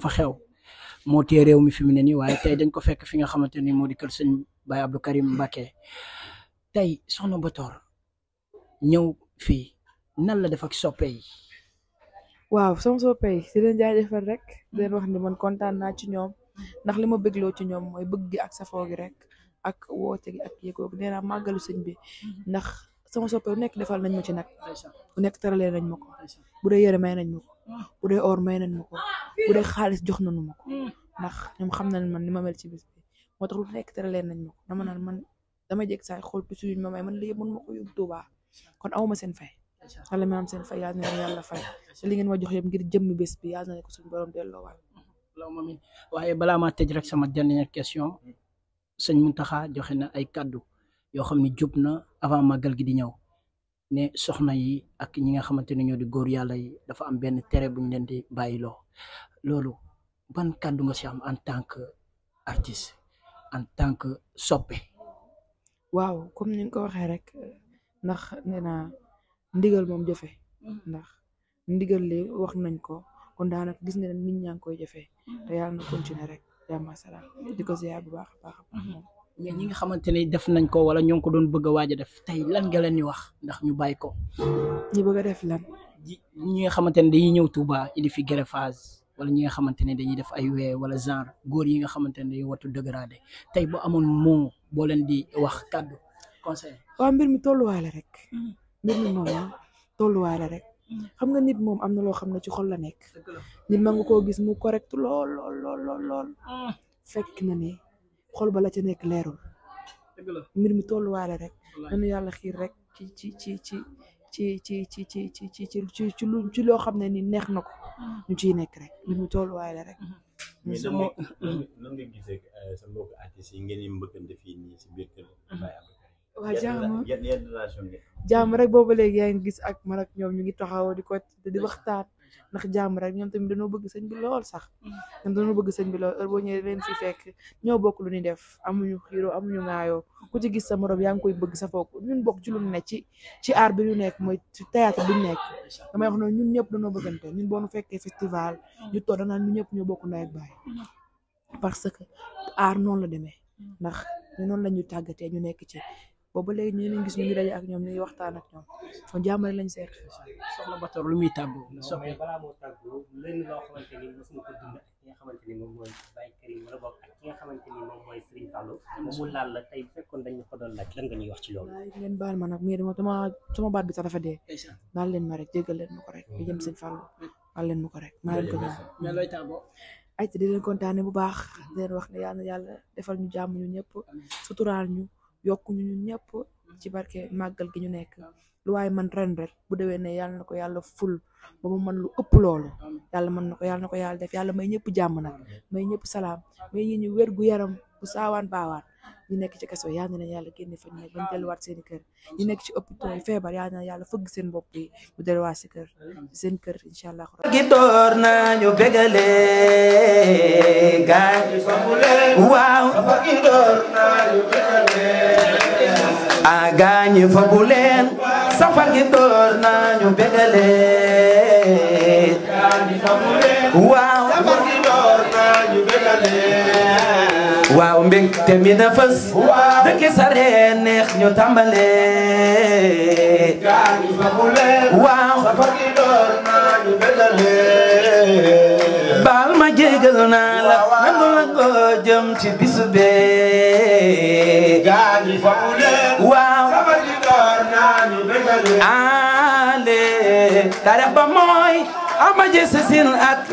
dafa xew moo téye réew mi fi mu ne nii waaye tey dañ ko fekk fi nga xamante ni moo di kër sëñ Baye Abdou Karim Mbacké tey soxna Bator ñëw fii nan la def ak soppe yi. waaw sama soppe si di leen rek di hmm. wax ni man kontaan naa ci ñoom ndax li ma bégloo ci ñoom mooy bëgg gi ak safoo gi rek ak woote gi ak yëgoo gi nee naa sëñ bi hmm. ndax sama soppe bu nekk defal nañ ma ci nag bu nekk teralee nañ ma ko bu dee may nañ ma bu dee or may nañ ma ko xaalis jox nañu ma ko ndax ñoom xam nañ man ni ma mel ci bis bi moo tax lu nekk tere leen nañ dama naan man dama jeg saay xool pisu yuñ man lii mën ma ko yóbbu kon awma seen seen fay yal na leen yàlla fay te li ngeen ma jox yëpp ngir jëmmi bés bi yal na leen ko suñu borom delloowaat waaye balaa maa tëj rek sama dernière question sëñ Mountakha joxe na ay kàddu yoo xam ne jub na avant màggal gi di ñëw ne soxna yi ak ñi nga xamante ne ñoo di góor yàlla yi dafa am benn tere bu ñu leen di bàyyiloo loolu ban kàddu nga si am en tant que artiste en tant que soppe. waaw comme ni ko waxee rek ndax nee naa ndigal moom jafe mm-hmm. ndax ndigal le wax nañ ko kon daanaka gis nga ne nit ñaa ngi koy jafe mm-hmm. te yàlla na continuer rek jàmm ak salaam di ko mm-hmm. ziar bu baax a baax. mais ñi nga xamante ne def nañ ko wala ñoo ko doon bëgg waaja def tey lan nga leen di wax ndax ñu bàyyi ko. ñu bëgg a def lan. ñi nga xamante ne dañuy ñëw Touba indi fi greffage wala ñi nga xamante ne dañuy def ay wee wala genre góor yi nga xamante ne dañuy watu dégradé tey bu amoon moo boo leen di wax kàddu conseil. waaw mbir mi tolluwaale rek. Mm-hmm. mbir mi rek. Mm-hmm. xam nga nit moom am na loo xam ne ci xol la nekk. nit ma nga koo gis mu correct lool lool lool lool lool. Mm. fekk na ne. xol ba la ca nekk leerul mbir mi tolluwaale rek nanu yàlla xiir rek ci ci ci ci ci ci ci ci ci ci ci ci ci loo xam ne ni neex na ko ñu ci nekk rek mbir mi tolluwaale rek mais nan nga gisee sa mbokk artistes yi ngeen waa jaama jaama rek booba léegi yaa ngi gis ak man ñoom ñu ngi taxaw di ko di waxtaan ndax jàmm rek ñoom tamit dañoo bëgg sëñ bi lool sax mm. ñoom dañoo bëgg sëñ bi lool heure boo ñëwee leen si fekk ñoo bokk lu ñuy def amuñu xiiroo ñu ngaayoo ku ci gis sa morom yaa ngi koy bëgg sa foog ñun bokk ci lu ne ci ci art bi ñu nekk mooy ci théâtre bi ñu nekk damay wax noonu ñun ñëpp dañoo bëggante ñun boo ñu fekkee festival ñu toog danaan ñu ñëpp ñoo bokk ndey ak baay mm. parce que aar noonu la demee mm. ndax ñu noonu la ñu tàggatee ñu nekk ci booba léegi ñu leen gis ñu ngi daje ak ñoom ñu ngi waxtaan ak ñoom kon jàmmale lañ seet. soxna Bator lu muy tàggoo. soxna mais balaa moo tàggoo lenn loo xamante laal la tey bu fekkoon dañ ko doon laaj ñuy wax ci loolu. waaye ngeen ma nag mais dama dama sama baat bi sax dafa dee. leen ma rek jéggal leen ma ko rek. di jëm Serigne leen ma ko rek. maa leen ko ñaan mais looy tàggoo. leen kontaane bu baax leen wax ne yàlla yàlla defal ñu jàmm ñu ñëpp suturaal yokku ñu ñëpp mm-hmm. ci barke màggal gi ñu nekk lu waaye man ren rek bu dewee ne yàlla na ko yàlla ful ba mu mën lu ëpp loolu yàlla mën na ko yàlla na ko yàlla def yàlla may ñëpp jàmm nag may ñëpp salaam may ñi ñu wér gu yaram bu saawaan baawaan ñu nekk ci kaso yal na leen yàlla génne fa ñu nekk bañ delluwaat seen kër ñu nekk ci hôpital yi feebar yal na yàlla fëgg seen bopp yi bu delluwaat si kër seen kër incha allah gi door nañu bégale gaay waaw gi door nañu bégale a gaañi fagu leen safar gi door nañu begale waaw safar gi door nañu begale waaw mbégte mi na fës dëkk neex ñu tàmbale gaani fa mu waaw safar gi door naa ñu baal ma jégal naa la nangu gaani fa mu waaw safar gi door naa ñu ba mooy ama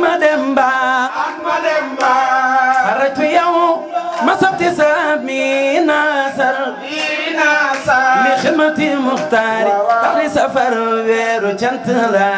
ma dem ba ak ma dem ba xaratu yow مسبت سامي ناصر لخدمتي مختاري علي سفر ويرو جنت لا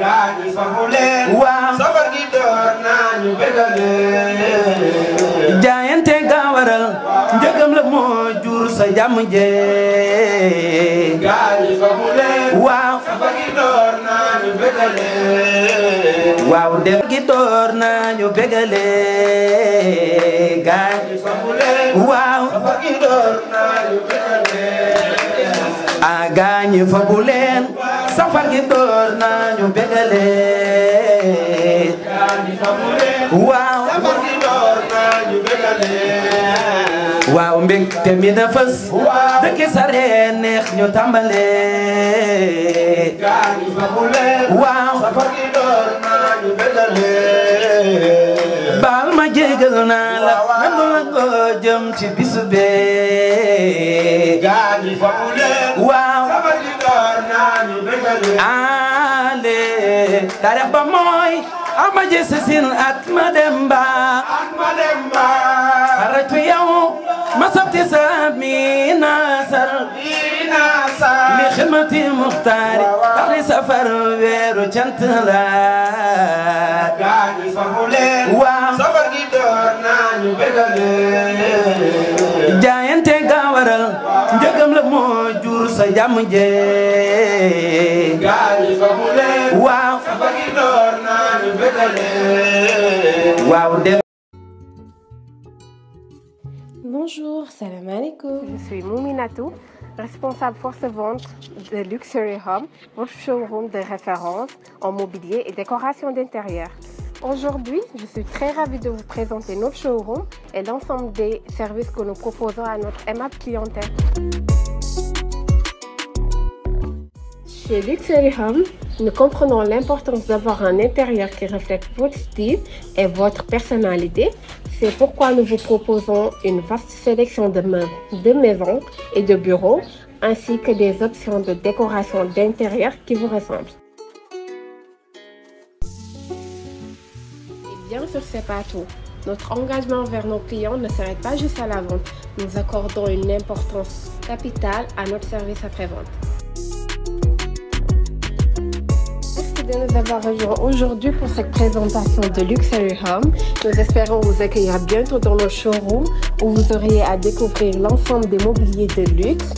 غاني فمولين سفر جي دور نانيو بغالي جاينتي غاورال njëgam la moo jur sa jàmm jee gaani fomulé waaw dem gi door nañu bégale gaay waaw a gaañi fa bu leen safar gi door nañu bégale waaw ñu waaw mbégte mi na fës dëkk neex ñu tàmbale gaani fa mu leen waaw safar gi door na ñu bëggale baal ma jégal naa la nangu la ko jëm ci bisu bee gaani fa mu leen waaw safar gi door na ñu bëggale ale tarex ba mooy ama jëse sin at ma dem سامي ناصر لخدمة مختار علي سفر ويرو جنت لا غاني فمولين سفر جي دور نانيو بغل جاينت غاورل njëgam la moo jur sa jàmm jee gaani fomulé waaw safar gi door naan bëggale waaw Bonjour, salam Je suis Mouminatou, responsable force-vente de Luxury Home, votre showroom de référence en mobilier et décoration d'intérieur. Aujourd'hui, je suis très ravie de vous présenter notre showroom et l'ensemble des services que nous proposons à notre aimable clientèle. Chez qui reflète votre style et votre personnalité C'est pourquoi nous vous proposons une vaste sélection de meubles de maison et de bureaux, ainsi que des options de décoration d'intérieur qui vous ressemblent. Et bien sûr, c'est pas Notre engagement envers nos clients ne s'arrête pas juste à la vente. Nous accordons une importance capitale à notre service après-vente. de nous avoir rejoints aujourd'hui pour cette présentation de Luxury Home. Nous espérons vous accueillir bientôt dans nos showrooms où vous aurez à découvrir l'ensemble des mobiliers de luxe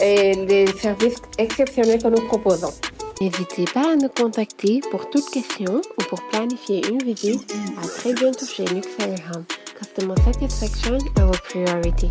et les services exceptionnels que nous proposons. N'hésitez pas à nous contacter pour toute question ou pour planifier une visite. À très bientôt chez Luxury Home. Customer satisfaction our priority.